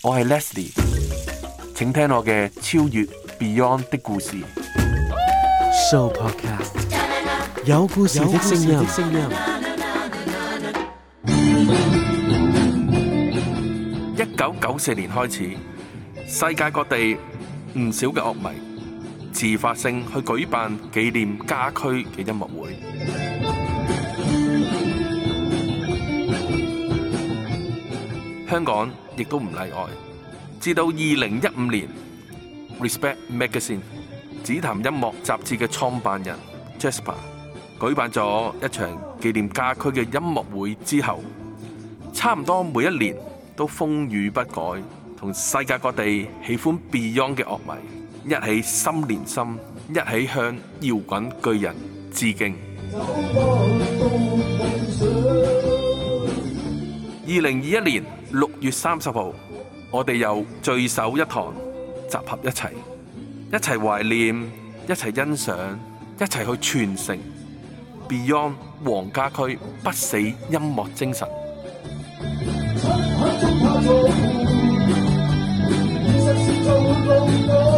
我係 Leslie，請聽我嘅超越 Beyond 的故事。Show podcast 有故事的聲音。一九九四年開始，世界各地唔少嘅樂迷自發性去舉辦紀念家駒嘅音樂會。香港，亦都唔例外，至到二零一五年《Respect Magazine》紫檀音樂雜誌嘅創辦人 Jasper 舉辦咗一場紀念家駒嘅音樂會之後，差唔多每一年都風雨不改，同世界各地喜歡 Beyond 嘅樂迷一起心連心，一起向搖滾巨人致敬。二零二一年六月三十號，我哋又聚首一堂，集合一齊，一齊懷念，一齊欣賞，一齊去傳承 Beyond 黃家駒不死音樂精神。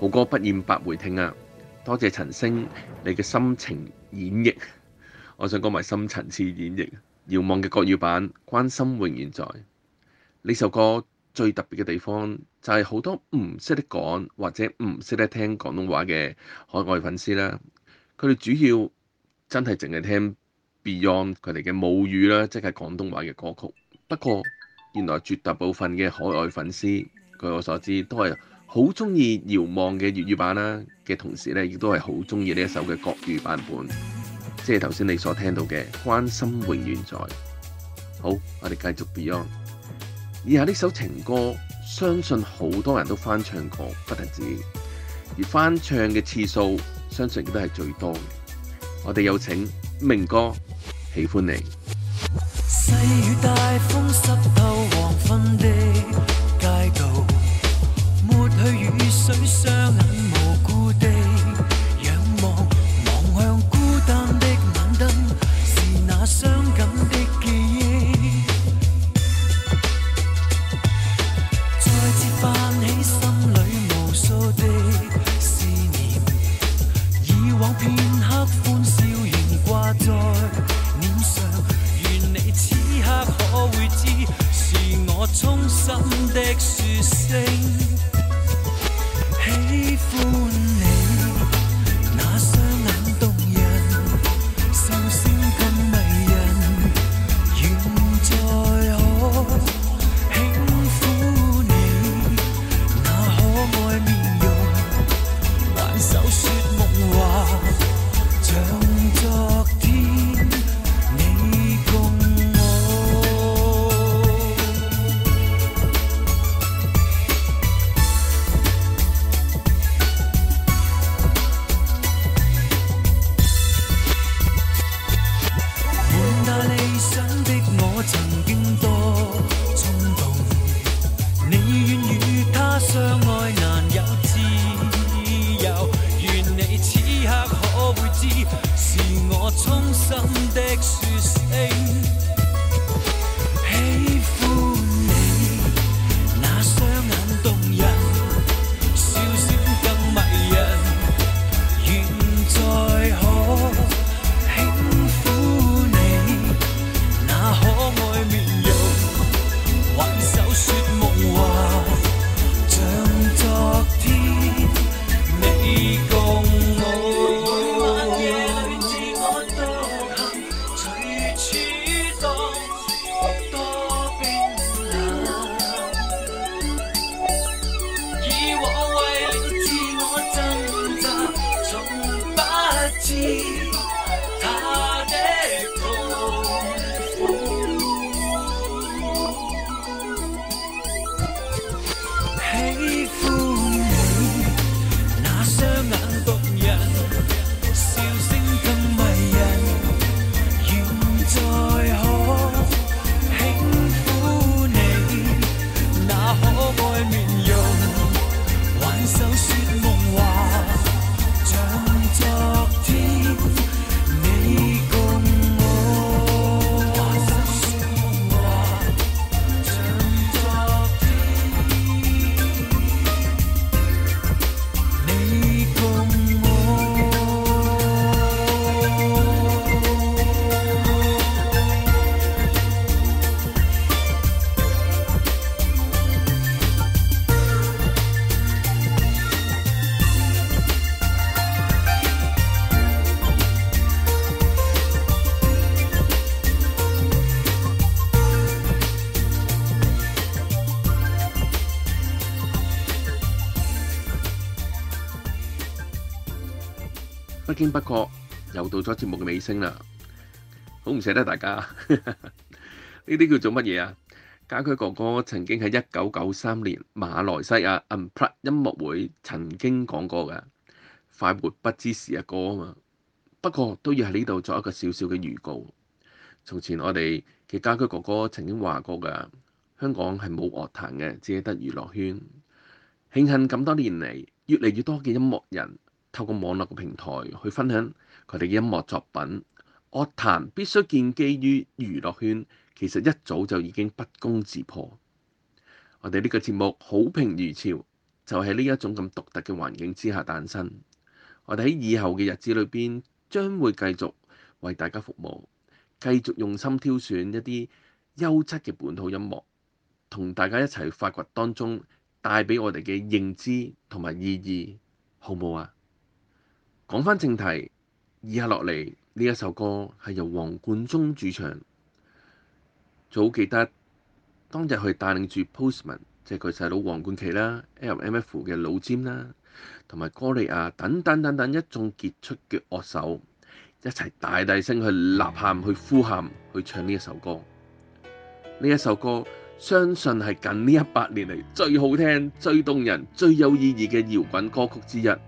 好歌不厭百回聽啊！多謝陳星，你嘅深情演繹，我想講埋深層次演繹。遙望嘅國語版《關心永遠在》呢首歌最特別嘅地方，就係、是、好多唔識得講或者唔識得聽廣東話嘅海外粉絲啦，佢哋主要。真係淨係聽 Beyond 佢哋嘅母語啦，即係廣東話嘅歌曲。不過原來絕大部分嘅海外粉絲，據我所知都係好中意遙望嘅粵語版啦。嘅同時咧，亦都係好中意呢一首嘅國語版本，即係頭先你所聽到嘅《關心永遠在》。好，我哋繼續 Beyond。以下呢首情歌，相信好多人都翻唱過，不特止，而翻唱嘅次數，相信亦都係最多。我哋有請明哥，喜歡你。細雨帶風濕透黃昏的街道經不過又到咗節目嘅尾聲啦，好唔捨得大家。呢啲叫做乜嘢啊？家駒哥哥曾經喺一九九三年馬來西亞 Unplugged 音樂會曾經講過嘅《快活不知時》一歌啊嘛。不過都要喺呢度作一個小小嘅預告。從前我哋嘅家駒哥哥曾經話過嘅，香港係冇樂壇嘅，只係得娛樂圈。慶幸咁多年嚟，越嚟越多嘅音樂人。透過網絡嘅平台去分享佢哋嘅音樂作品，樂壇必須建基於娛樂圈，其實一早就已經不攻自破。我哋呢個節目好評如潮，就喺呢一種咁獨特嘅環境之下誕生。我哋喺以後嘅日子裏邊，將會繼續為大家服務，繼續用心挑選一啲優質嘅本土音樂，同大家一齊發掘當中帶俾我哋嘅認知同埋意義，好唔好啊？講返正題，以下落嚟呢一首歌係由黃貫中主唱，就好記得當日佢帶領住 Postman，即係佢細佬黃冠琦啦，L M F 嘅老詹啦，同埋歌利亞等等等等一眾傑出嘅樂手一齊大大聲去呐喊、去呼喊、去唱呢一首歌。呢一首歌相信係近呢一百年嚟最好聽、最動人、最有意義嘅搖滾歌曲之一。